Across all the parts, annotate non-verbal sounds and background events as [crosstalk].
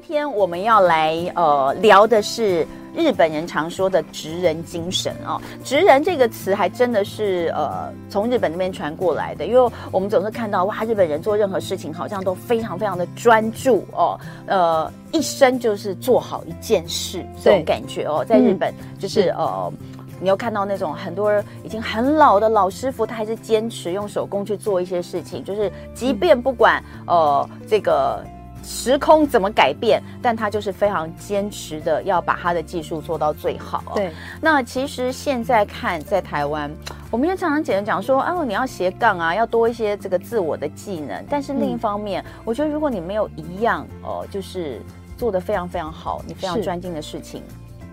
今天我們要來呃聊的是日本人常說的“職人”精神哦，“職人”這個詞還真的是呃從日本那邊傳過來的，因為我們總是看到哇，日本人做任何事情好像都非常非常的專注哦，呃一生就是做好一件事對這種感覺哦，在日本就是，嗯、是呃，你又看到那種很多已經很老的老師傅，他還是堅持用手工去做一些事情，就是即便不管、嗯、呃這個。時空怎麼改變，但他就是非常堅持的要把他的技術做到最好，哦。對，那其實現在看在台灣，我們也常常簡單講說啊，你要斜槓啊，要多一些這個自我的技能。但是另一方面，嗯、我覺得如果你沒有一樣哦，就是做得非常非常好，你非常專精的事情，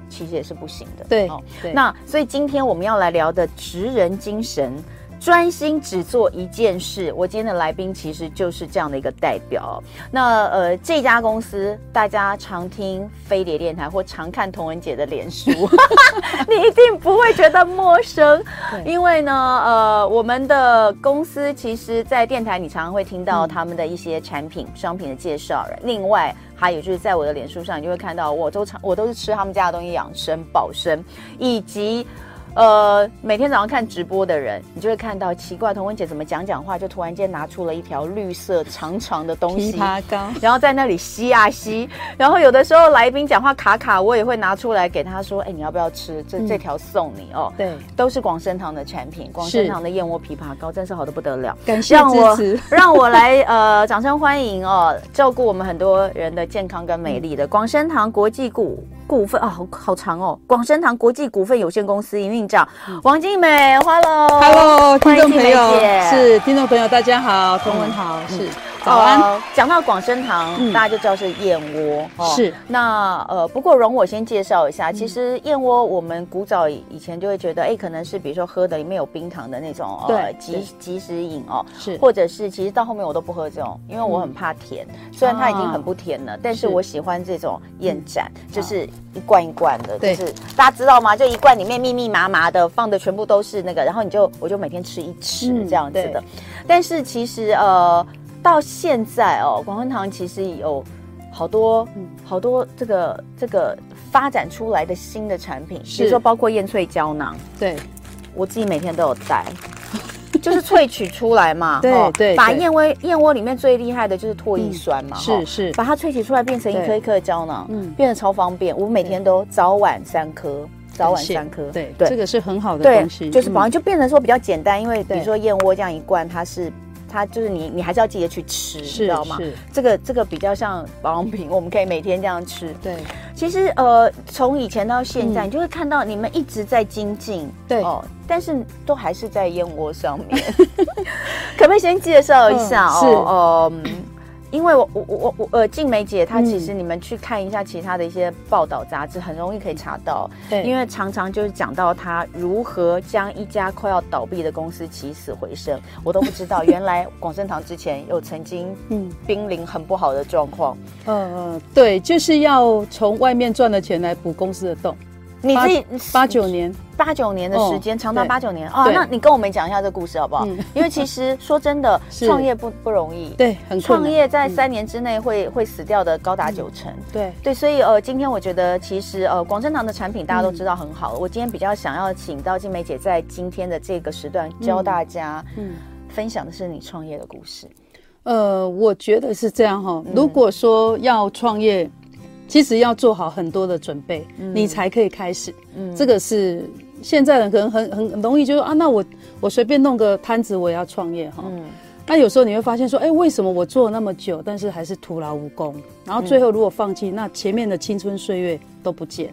是其實也是不行的。對，哦、對那所以今天我們要來聊的職人精神。專心只做一件事，我今天的來賓其實就是這樣的一個代表。那呃，這家公司大家常聽飛碟電台或常看彤雯姐的臉書， [laughs] [laughs] 你一定不會覺得陌生，對因為呢，呃，我們的公司其實，在電台你常常會聽到他們的一些產品商品的介紹，嗯、另外還有就是在我的臉書上，你就會看到我都常我都是吃他們家的東西養生保身，以及。呃，每天早上看直播的人，你就會看到奇怪，彤雯姐怎麼講講話就突然間拿出了一條綠色長長的東西，枇杷膏，然後在那裡吸啊吸。然後有的時候來賓講話卡卡，我也會拿出來給他說，哎、欸，你要不要吃？這、嗯、這條送你哦。對，都是廣生堂的產品，廣生堂的燕窩枇杷膏真是好得不得了。感謝支持，讓我，讓我來呃，掌聲歡迎哦，照顧我們很多人的健康跟美麗的廣生堂國際谷股份啊、哦，好好長哦！廣生堂國際股份有限公司營運長王靜美，hello，hello，聽眾朋友，是聽眾朋友，大家好，彤雯好、嗯、是。嗯好啊，講到廣生堂，大家就知道是燕窩哦。是，那呃，不過容我先介紹一下，其實燕窩我們古早以前就會覺得，哎，可能是比如說喝的裡面有冰糖的那種，哦，即即時飲哦，是，或者是其實到後面我都不喝這種，因為我很怕甜，雖然它已經很不甜了，但是我喜歡這種燕盞，就是一罐一罐的，對，大家知道嗎？就一罐裡面密密麻麻的放的全部都是那個，然後你就我就每天吃一吃這樣子的，但是其實呃。到現在哦，廣生堂其實有好多好多這個這個發展出來的新的產品，比如說包括燕萃膠囊。對，我自己每天都有帶，就是萃取出來嘛。對對。把燕窩燕窩裡面最厲害的就是唾液酸嘛。是是。把它萃取出來變成一顆一顆的膠囊，變得超方便。我每天都早晚三顆，早晚三顆。對對，這個是很好的東西。就是保養就變成說比較簡單，因為比如說燕窩這樣一罐，它是。它就是你，你還是要記得去吃，是你知道嗎？是這個這個比較像保養品，我們可以每天這樣吃。對，其實呃，從以前到現在，嗯、你就會看到你們一直在精進，對、哦、但是都還是在燕窩上面。 [laughs] 可不可以先介紹一下哦？嗯。是呃因為我我我我呃，靜梅姐，她其實你們去看一下其他的一些報道雜志很容易可以查到。對、嗯，因為常常就是講到她如何將一家快要倒閉的公司起死回生，我都不知道原來廣生堂之前有曾經嗯瀕臨很不好的狀況。嗯嗯，對，就是要從外面賺的錢來補公司的洞。你自己八九年，八九年的時間，長達八九年啊！那你跟我們講一下這故事好不好？嗯、因為其實說真的，創是業不不容易，對，很創業在三年之內會、嗯、會死掉的高達九成，嗯、對對，所以呃，今天我覺得其實呃，廣生堂的產品大家都知道很好，嗯、我今天比較想要請到金梅姐在今天的這個時段教大家，嗯，分享的是你創業的故事。呃，我覺得是這樣哈，如果說要創業。嗯其實要做好很多的準備，嗯、你才可以開始。嗯，這個是現在人可能很很容易就說啊，那我我隨便弄個攤子我也要創業哈。嗯，那有時候你會發現說，哎、欸，為什麼我做了那麼久，但是還是徒勞無功？然後最後如果放棄，嗯、那前面的青春歲月都不見。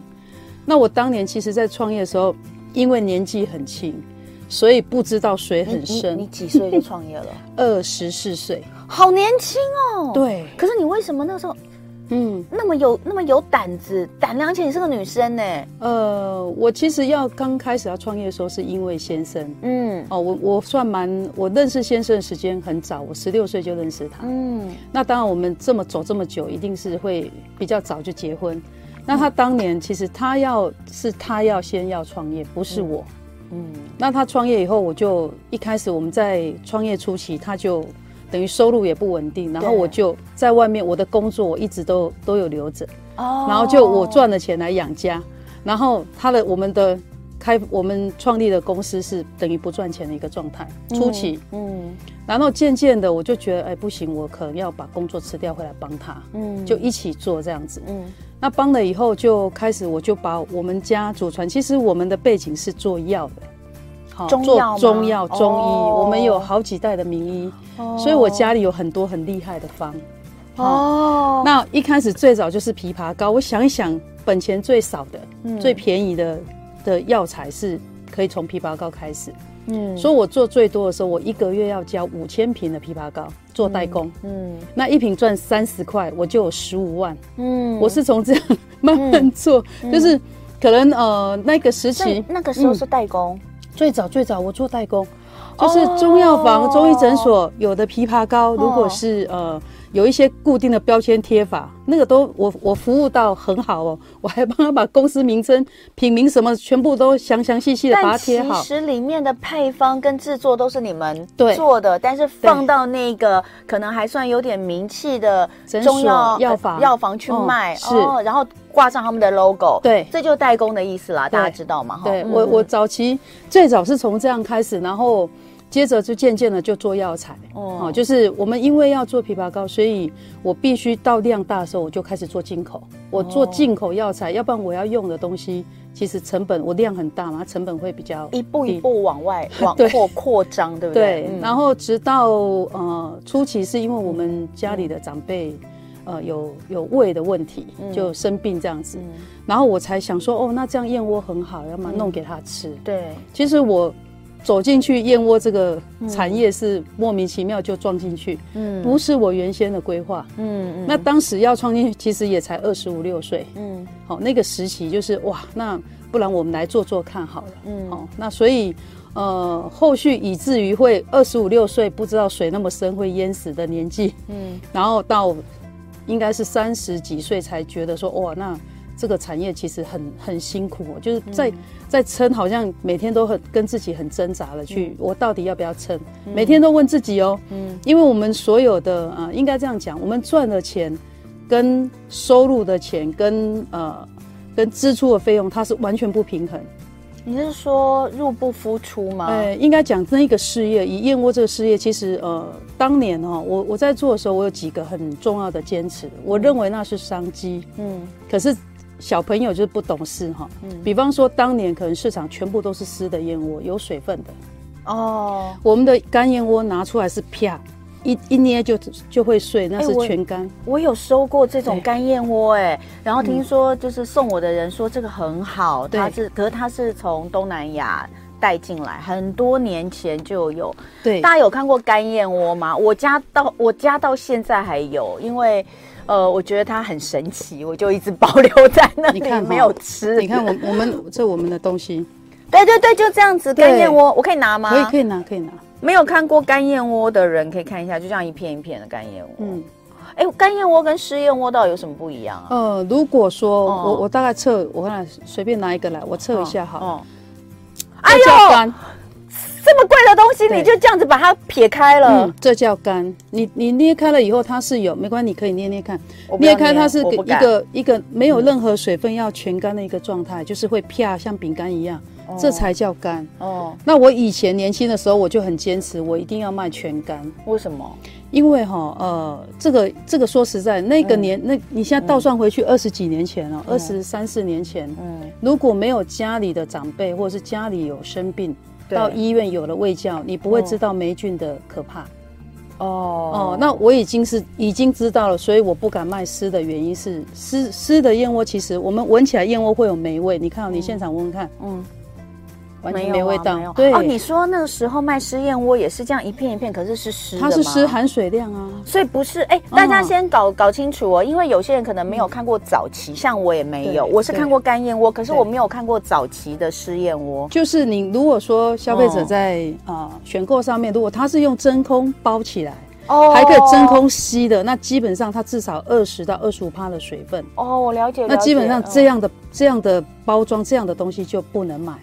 那我當年其實，在創業的時候，因為年紀很輕，所以不知道水很深。你、你、你幾歲就創業了？二十四歲，好年輕哦。對。可是你為什麼那個時候？嗯，那麼有那麼有膽子，膽量，而且你是個女生呢？呃，我其實要剛開始要創業的時候，是因為先生。嗯，哦，我我算蠻，我認識先生的時間很早，我十六歲就認識他。嗯，那當然，我們這麼走這麼久，一定是會比較早就結婚。那他當年其實他要、嗯、是他要先要創業，不是我。嗯，嗯那他創業以後，我就一開始我們在創業初期，他就。等於收入也不穩定，然後我就在外面，我的工作我一直都都有留着。對然後就我賺了錢來養家，然後他的我們的開我們創立的公司是等於不賺錢的一個狀態，初期，嗯，嗯然後漸漸的我就覺得哎不行，我可能要把工作辭掉回來幫他，嗯，就一起做這樣子，嗯，那幫了以後就開始我就把我們家祖傳，其實我們的背景是做藥的，好中藥做中藥中醫，哦、我們有好幾代的名醫。所以，我家裡有很多很厲害的方。哦，那一開始最早就是枇杷膏。我想一想，本錢最少的、最便宜的的藥材，是可以從枇杷膏開始。嗯，所以我做最多的時候，我一個月要交五千瓶的枇杷膏做代工。嗯，那一瓶賺三十塊，我就有十五萬。嗯，我是從這樣慢慢做，就是可能呃那個時期，那個時候是代工，最早最早我做代工。就是中藥房、哦、中醫診所有的枇杷膏，哦、如果是呃有一些固定的標籤貼法，哦、那個都我我服務到很好哦，我還幫他把公司名稱、品名什麼全部都詳詳細細的把它貼好。但其實裡面的配方跟製作都是你們做的，對但是放到那個可能還算有點名氣的中藥藥房、呃、藥房去賣，嗯、哦。是然後。掛上他們的 logo，對，這就代工的意思啦，對大家知道嗎？對、嗯、哼我我早期最早是從這樣開始，然後接着就漸漸的就做藥材，哦、喔，就是我們因為要做枇杷膏，所以我必須到量大的時候，我就開始做進口，哦、我做進口藥材，要不然我要用的東西，其實成本我量很大嘛，它成本會比較一步一步往外 [laughs] 對往擴擴張，對不對？對，嗯、然後直到呃初期是因為我們家裡的長輩、嗯。嗯呃，有有胃的問題，就生病這樣子，嗯嗯、然後我才想說，哦，那這樣燕窩很好，要把他弄給他吃。嗯、對，其實我走進去燕窩這個產業是莫名其妙就撞進去，嗯，不是我原先的規劃、嗯，嗯那當時要闖進去，其實也才二十五六歲，嗯，好、哦，那個時期就是哇，那不然我們來做做看好了，嗯，好、哦，那所以呃，後續以至於會二十五六歲不知道水那麼深會淹死的年紀，嗯，然後到。應該是三十幾歲才覺得說哇，那這個產業其實很很辛苦、喔，就是在、嗯、在撐，好像每天都很跟自己很掙扎了。去，嗯、我到底要不要撐？每天都問自己哦、喔，嗯，因為我們所有的啊、呃，應該這樣講，我們賺的錢跟收入的錢跟呃跟支出的費用，它是完全不平衡。你是說入不敷出嗎？對，應該講那個事業，以燕窩這個事業，其實呃，當年哦，我我在做的時候，我有幾個很重要的堅持，我認為那是商機，嗯，可是小朋友就是不懂事哈，嗯，比方說當年可能市場全部都是濕的燕窩，有水分的，哦，我們的乾燕窩拿出來是啪。一一捏就就會碎，那是全乾、欸。我有收過這種乾燕窩、欸，哎對，然後聽說就是送我的人說，這個很好，嗯、它是，可是它是從東南亞帶進來，很多年前就有。對，大家有看過乾燕窩嗎？我家到我家到現在還有，因為呃，我覺得它很神奇，我就一直保留在那裡，你看沒有吃。你看我，我我們這我們的東西。對對對，就這樣子乾燕窩，對我可以拿嗎？可以可以拿，可以拿。沒有看過乾燕窩的人，可以看一下，就這樣一片一片的乾燕窩。嗯，哎，乾燕窩跟濕燕窩到底有什麼不一樣啊？呃、如果說、嗯、我我大概測，我看看，隨便拿一個來，我測一下哈。哦、嗯。嗯、哎呦。這麼貴的東西，你就這樣子把它撇開了。嗯，這叫乾。你你捏開了以後，它是有，沒關係，你可以捏捏看。捏，捏開它是一個一個沒有任何水分，要全乾的一個狀態，就是會啪像餅乾一樣。哦，這才叫乾。哦。那我以前年輕的時候，我就很堅持，我一定要賣全乾。為什麼？因為哈呃，這個這個說實在，那個年，嗯，那，你現在倒算回去二十幾年前了，二十三四年前，嗯，如果沒有家裡的長輩，或者是家裡有生病。到醫院有了味覺，你不會知道霉菌的可怕。嗯、哦哦，那我已經是已經知道了，所以我不敢賣濕的原因是濕濕的燕窩，其實我們聞起來燕窩會有霉味。你看，你現場聞聞看，嗯，嗯。完全沒味道，對哦。你說那個時候賣濕燕窩也是這樣一片一片，可是是濕，它是濕含水量啊，所以不是哎。大家先搞搞清楚哦，因為有些人可能沒有看過早期，像我也沒有，我是看過乾燕窩，可是我沒有看過早期的濕燕窩。就是你如果說消費者在啊選購上面，如果他是用真空包起來，哦，還可以真空吸的，那基本上它至少二十到二十五趴的水分。哦，我了解。那基本上這樣的這樣的包裝，這樣的東西就不能買了。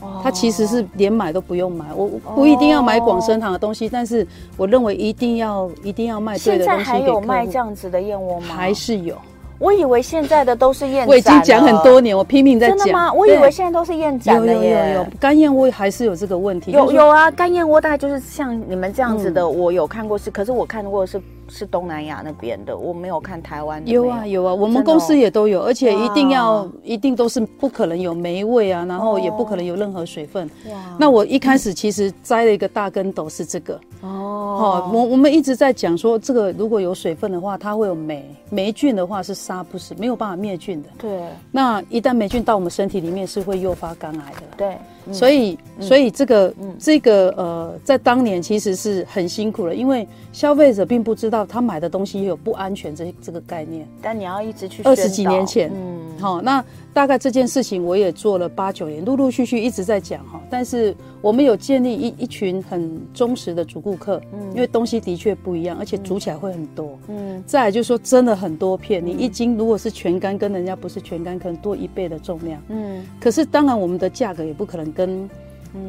哦、它其實是連買都不用買，我不不一定要買廣生堂的東西，哦、但是我認為一定要一定要賣對的東西給客戶。現在還有賣這樣子的燕窩嗎？還是有？我以為現在的都是燕盞。我已經講很多年，我拼命在講。真的嗎？我以為現在都是燕盞了呀。乾燕窩還是有這個問題。有有啊，乾燕窩大概就是像你們這樣子的，嗯、我有看過是，可是我看過是。是東南亞那邊的，我沒有看台灣的有。有啊有啊，我們公司也都有，哦、而且一定要 Wow. 一定都是不可能有霉味啊，然後也不可能有任何水分。哇！Oh. Wow. 那我一開始其實栽了一個大跟斗是這個。哦、oh.，好，我我們一直在講說，這個如果有水分的話，它會有霉霉菌的話是殺不死，沒有辦法滅菌的。對。那一旦霉菌到我們身體裡面，是會誘發肝癌的。對。嗯、所以，所以這個，嗯、這個呃，在當年其實是很辛苦了，因為消費者並不知道他買的東西也有不安全這這個概念。但你要一直去。二十幾年前，嗯，好、嗯，那。大概這件事情我也做了八九年，陸陸續續一直在講哈。但是我們有建立一一群很忠實的主顧客，嗯，因為東西的確不一樣，而且煮起來會很多，嗯。再來就是說，真的很多片，你一斤如果是全乾，跟人家不是全乾，可能多一倍的重量，嗯。可是當然，我們的價格也不可能跟，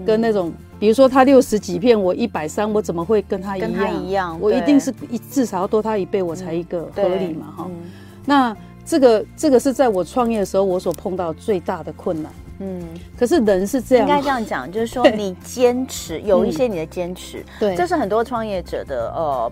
跟那種比如說他六十幾片，我一百三，我怎麼會跟他一樣？一樣，我一定是一至少要多他一倍，我才一個合理嘛，哈。那。這個這個是在我創業的時候，我所碰到最大的困難。嗯，可是人是這樣的，應該這樣講，就是說你堅持 [laughs] 有一些你的堅持，對、嗯，這是很多創業者的呃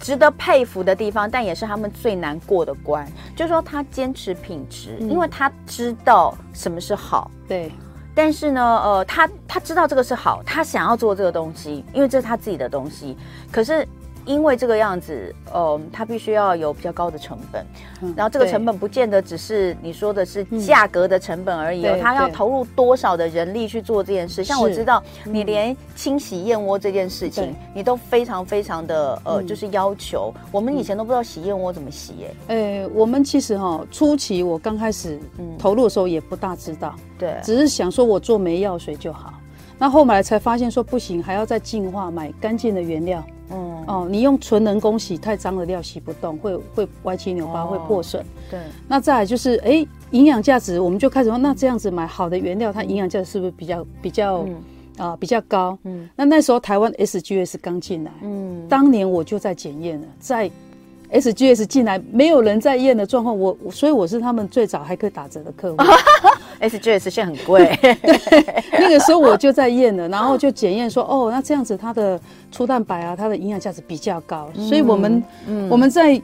值得佩服的地方，但也是他們最難過的關。就是說他堅持品質，因為他知道什麼是好，對、嗯。但是呢，呃，他他知道這個是好，他想要做這個東西，因為這是他自己的東西。可是。因為這個樣子，嗯、呃，它，必須要有比較高的成本，嗯、然後這個成本不見得只是你說的是價格的成本而已，嗯、它要投入多少的人力去做這件事。是像我知道，嗯、你連清洗燕窩這件事情，對你都非常非常的呃，嗯、就是要求。我們以前都不知道洗燕窩怎麼洗、欸，耶哎、欸，我們其實哈、哦、初期我剛開始投入的時候也不大知道，嗯、對，只是想說我做沒藥水就好，那後來才發現說不行，還要再進化，買乾淨的原料。哦，你用純人工洗，太髒的料洗不動，會會歪七扭八，哦、會破損。對，那再來就是，哎、欸，營養價值，我們就開始說，那這樣子買好的原料，它營養價值是不是比較比較啊、嗯呃、比較高？嗯，那那時候台灣 SGS 剛進來，嗯，當年我就在檢驗了，在。S G S 進來沒有人在驗的狀況，我所以我是他們最早還可以打折的客戶。S G [laughs] S 現在很貴， [laughs] 對，那個時候我就在驗了，然後就檢驗說，哦，那這樣子它的粗蛋白啊，它的營養價值比較高，嗯、所以我們、嗯、我們在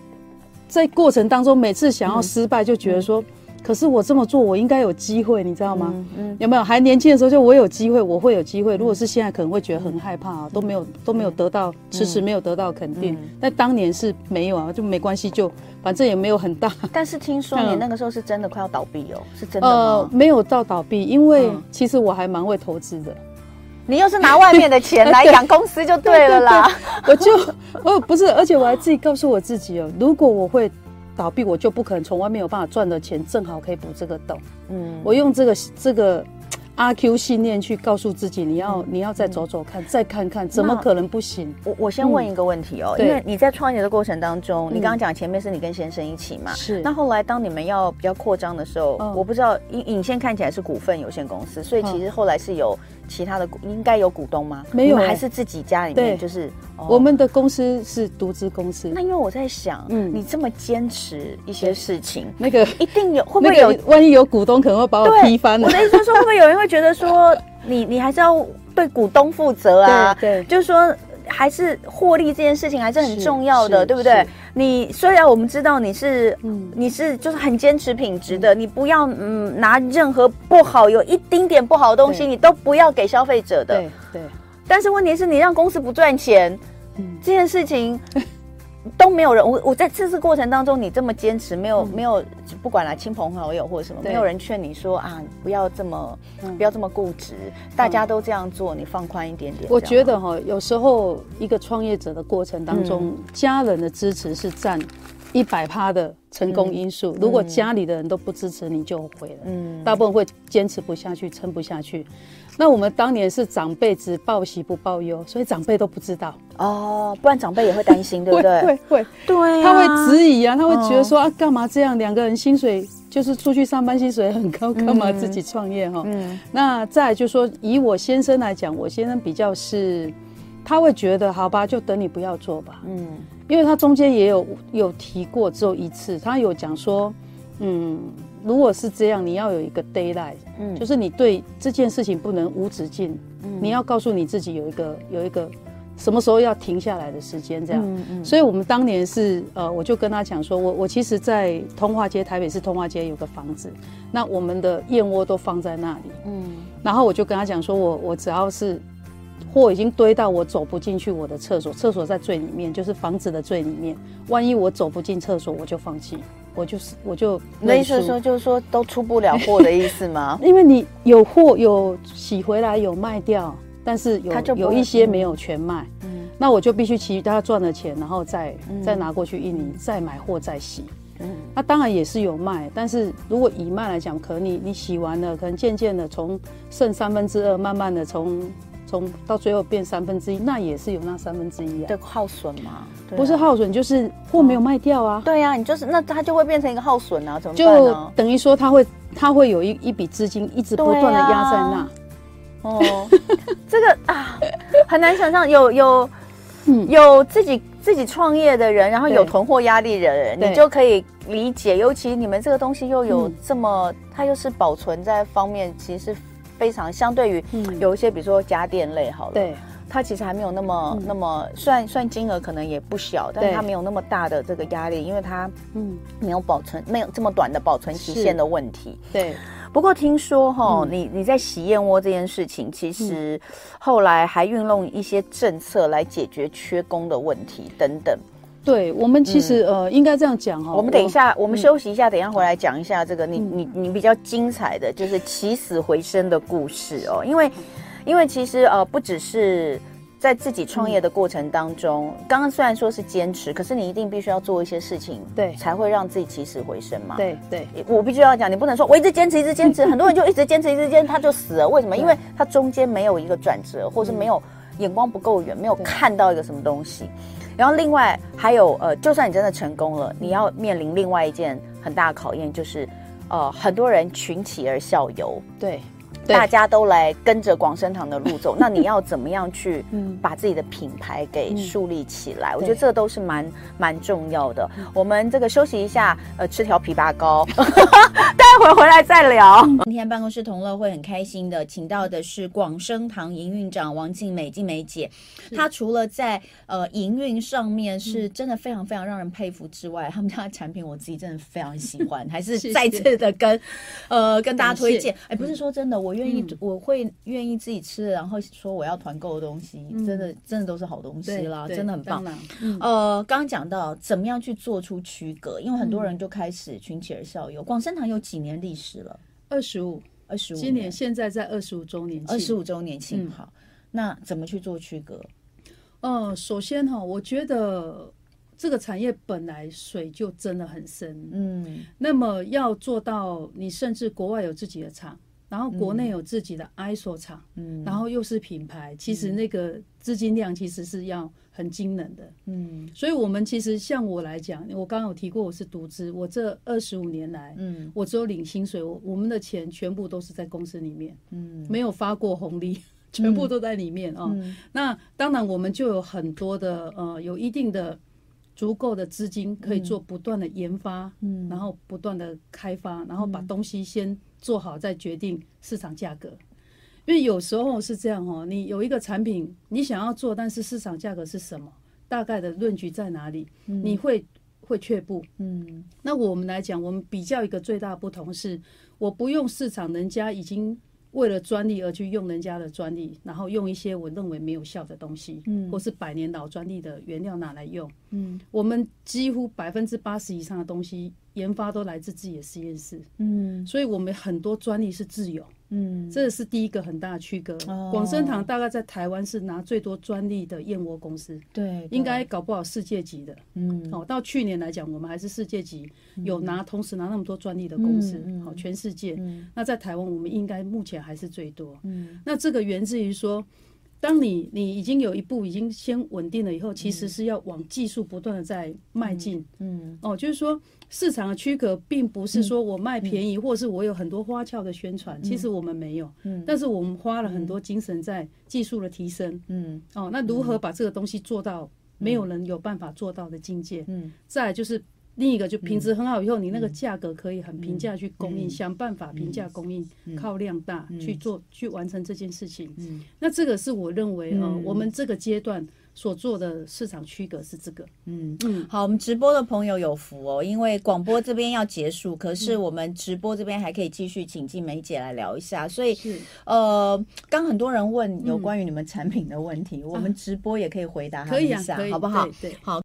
在過程當中，每次想要失敗就覺得說，嗯嗯可是我這麼做，我應該有機會，你知道嗎？嗯嗯、有沒有還年輕的時候，就我有機會，我會有機會。嗯、如果是現在，可能會覺得很害怕啊，嗯、都沒有都沒有得到，對遲遲沒有得到肯定。嗯、但當年是沒有啊，就沒關係，就反正也沒有很大。但是聽說你那個時候是真的快要倒閉哦、喔，嗯、是真的。呃，沒有到倒閉，因為其實我還蠻會投資的、嗯。你又是拿外面的錢來養公司就對了啦。 [laughs] 對對對對我就我不是，而且我還自己告訴我自己哦、啊，如果我會。倒閉我就不可能從外面有辦法賺的錢，正好可以補這個洞。嗯，我用這個這個阿 Q 信念去告訴自己，你要你要再走走看，再看看，怎麼可能不行？我我先問一個問題哦，因為你在創業的過程當中，你剛剛講前面是你跟先生一起嘛？是。那後來當你們要比較擴張的時候，我不知道影影線看起來是股份有限公司，所以其實後來是有其他的股，應該有股東嗎？沒有，還是自己家裡面就是。我們的公司是獨資公司，那因為我在想，嗯，你這麼堅持一些事情，那個一定有會不會有萬一有股東可能會把我踢翻？我的意思是說，會不會有人會覺得說，你你還是要對股東負責啊？對，就是說還是獲利這件事情還是很重要的，對不對？你雖然我們知道你是，你是就是很堅持品質的，你不要嗯，拿任何不好，有一丁點不好的東西，你都不要給消費者的。對，但是問題是你讓公司不賺錢。嗯、這件事情都沒有人，我我在這次過程當中，你這麼堅持，沒有、嗯、沒有不管來親朋好友或者什麼，對沒有人勸你說啊，不要這麼、嗯、不要這麼固執，大家都這樣做，嗯、你放寬一點點。我覺得哈、哦，有時候一個創業者的過程當中，嗯、家人的支持是佔。一百趴的成功因素，嗯嗯、如果家裡的人都不支持，你就毀了。嗯，大部分會堅持不下去，撐不下去。那我們當年是長輩只報喜不報憂，所以長輩都不知道哦，不然長輩也會擔心， [laughs] 對不對？會會、會對、啊，他會質疑啊，他會覺得說、哦、啊，幹嘛這樣？兩個人薪水就是出去上班薪水很高，幹、嗯、嘛自己創業哈、嗯？嗯，那再來就是說，以我先生來講，我先生比較是，他會覺得好吧，就等你不要做吧。嗯。因為他中間也有有提過，只有一次，他有講說，嗯，如果是這樣，你要有一個 d a y l i g h。嗯，就是你對這件事情不能無止境，嗯、你要告訴你自己有一個有一個什麼時候要停下來的時間，這樣。嗯嗯。嗯，所以我們當年是呃，我就跟他講說，我我其實，在通化街，台北市通化街有個房子，那我們的燕窩都放在那裡，嗯，然後我就跟他講說，我我只要是。貨已經堆到我走不進去我的廁所，廁所在最裡面，就是房子的最裡面。萬一我走不進廁所，我就放棄，我就是我就。那意思說，就是說都出不了貨的意思嗎？ [laughs] 因為你有貨，有洗回來，有賣掉，但是有就有一些沒有全賣。嗯，那我就必須其他賺了錢，然後再、嗯、再拿過去印尼再買貨再洗。嗯，那、啊、當然也是有賣，但是如果以賣來講，可能你你洗完了，可能漸漸的從剩三分之二，3, 慢慢的從。從到最後變三分之一，那也是有那三分之一啊，的耗損嘛。對啊，不是耗損就是貨沒有賣掉啊。嗯、對呀、啊，你就是那它就會變成一個耗損啊。怎麼辦、啊、就等於說，它會，它會有一一筆資金一直不斷的壓在那。啊、哦， [laughs] 這個啊，很難想象有有、嗯、有自己自己創業的人，然後有囤貨壓力的人，對你就可以理解。尤其你們這個東西又有這麼，嗯、它又是保存在方面，其實。非常相對於有一些，比如說家電類好了，對、嗯，它其實還沒有那麼、嗯、那麼，雖然算金額可能也不小，但它沒有那麼大的這個壓力，因為它嗯沒有保存，沒有這麼短的保存期限的問題。對，不過聽說哈，嗯、你你在洗燕窩這件事情，其實後來還運用一些政策來解決缺工的問題等等。對，我們其實呃，應該這樣講哈。我們等一下，我們休息一下，等一下回來講一下這個你你你比較精彩的就是起死回生的故事哦。因為因為其實呃，不只是在自己創業的過程當中，剛剛雖然說是堅持，可是你一定必須要做一些事情，對，才會讓自己起死回生嘛。對對，我必須要講，你不能說我一直堅持一直堅持，很多人就一直堅持一直堅持，他就死了。為什麼？因為他中間沒有一個轉折，或是沒有眼光不夠遠，沒有看到一個什麼東西。然後，另外還有呃，就算你真的成功了，你要面臨另外一件很大的考驗，就是，呃，很多人群起而效尤，對。對大家都來跟着廣生堂的路走， [laughs] 那你要怎麼樣去把自己的品牌給樹立起來？嗯、我覺得這都是蠻蠻重要的。嗯、我們這個休息一下，呃，吃條枇杷膏， [laughs] 待會兒回來再聊、嗯。今天辦公室同樂會很開心的，請到的是廣生堂營運長王靜美靜美姐，她是除了在呃營運上面是真的非常非常讓人佩服之外，嗯、他們家的產品我自己真的非常喜歡，是還是再次的跟呃跟大家推薦。哎、嗯欸，不是說真的、嗯、我。願意我會願意自己吃，然後說我要團購的東西，真的真的都是好東西啦，真的很棒。呃，剛講到怎麼樣去做出區隔，因為很多人就開始群起而效尤。廣生堂有幾年歷史了？二十五，二十五。今年現在在二十五周年，二十五周年慶。好，那怎麼去做區隔？嗯，首先哈，我覺得這個產業本來水就真的很深，嗯。那麼要做到，你甚至國外有自己的廠。然後國內有自己的 ISO 廠，嗯，然後又是品牌，其實那個資金量其實是要很驚人的，嗯，所以我們其實像我來講，我剛剛有提過，我是獨資，我這二十五年來，嗯，我只有領薪水，我，我們的錢全部都是在公司裡面，嗯，沒有發過紅利，全部都在裡面啊。那當然我們就有很多的呃，有一定的足夠的資金可以做不斷的研發，嗯，然後不斷的開發，嗯，然後把東西先。做好再決定市場價格，因為有時候是這樣哦。你有一個產品，你想要做，但是市場價格是什麼？大概的論據在哪裡？嗯、你會會卻步？嗯。那我們來講，我們比較一個最大不同是，我不用市場，人家已經為了專利而去用人家的專利，然後用一些我認為沒有效的東西，嗯、或是百年老專利的原料拿來用，嗯，我們幾乎百分之八十以上的東西。研發都來自自己的實驗室，嗯，所以我們很多專利是自有，嗯，這是第一個很大的區隔。哦、廣生堂大概在台灣是拿最多專利的燕窩公司，對，對，應該搞不好世界級的，嗯，好，到去年來講，我們還是世界級有拿，嗯、同時拿那麼多專利的公司，好、嗯，全世界，嗯、那在台灣我們應該目前還是最多，嗯，那這個源自於說。當你你已經有一步已經先穩定了以後，其實是要往技術不斷的在邁進。嗯，嗯哦，就是說市場的區隔，並不是說我賣便宜，嗯嗯、或者是我有很多花俏的宣傳，嗯、其實我們沒有。嗯，但是我們花了很多精神在技術的提升。嗯，哦，那如何把這個東西做到沒有人有辦法做到的境界？嗯，嗯再來就是。另一個就品質很好，以後你那個價格可以很平價去供應，想辦法平價供應，靠量大去做，去完成這件事情。那這個是我認為呃，我們這個階段所做的市場區隔是這個。嗯嗯，好，我們直播的朋友有福哦，因為廣播這邊要結束，可是我們直播這邊還可以繼續，請進梅姐來聊一下。所以呃，剛很多人問有關於你們產品的問題，我們直播也可以回答一下，好不好？對，好。